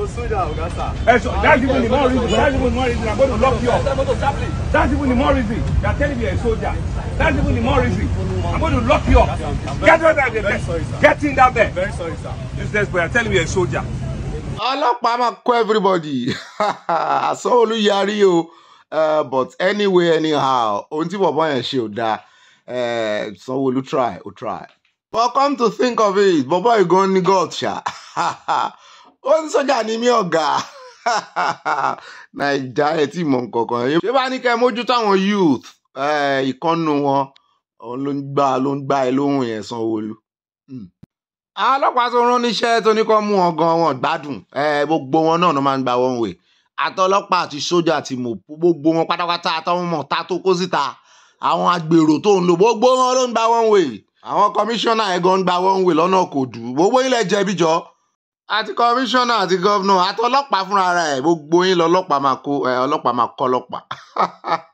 I'm a soldier, Oga Hey, so that's even the more reason. That's even the more reason. I'm going to lock you up. That's even the more reason. You're telling you a soldier. That's even the more reason. I'm going to lock you up. Get out of there. Get in down there. Very sorry, sir. Useless boy. you're telling you a soldier. ọlọ́pàá máa kó everybody àsán Oluyari. o uh, but anyway anyhow ohun tí bọ̀bọ̀ yẹn ṣe ò dáa uh, sanwó try o try. but come to think of it bọ̀bọ̀ ìgan ní god ṣá ó ní sójà ni mí ọ̀gá naija ẹ tí mọ̀ nǹkankan ṣé bá ní kẹ́ mójútó àwọn youth eh, ìkànnù wọn òun ló ń gbà ló ń gbà ẹ lóhùn yẹn sanwóolu. Hmm. ọlọ́pàá tó rán níṣẹ́ tó ní kó mú wọn gan wọn gbádùn eh, gbogbo wọn náà ló máa ń gba wọn wè àtọlọ́pàá àti sójà àti mọ̀ gbogbo wọn pátápátá àtàwọn ọmọ ta tó kó síta àwọn agbèrò tó ń lò gbogbo wọn ló ń gba wọn wè àwọn kọmíṣánná ẹ̀gàn ń gba wọn wè lọ́nà kò dùn gbogbo ilẹ̀ jẹ̀bi àti kọmíṣánná àti gọ́vnà àti ọlọ́pàá fúnra rẹ̀ gbogbo yín lọ́lọ́pàá máa kó ọlọ́pàá máa kọ́ ọlọ́pàá.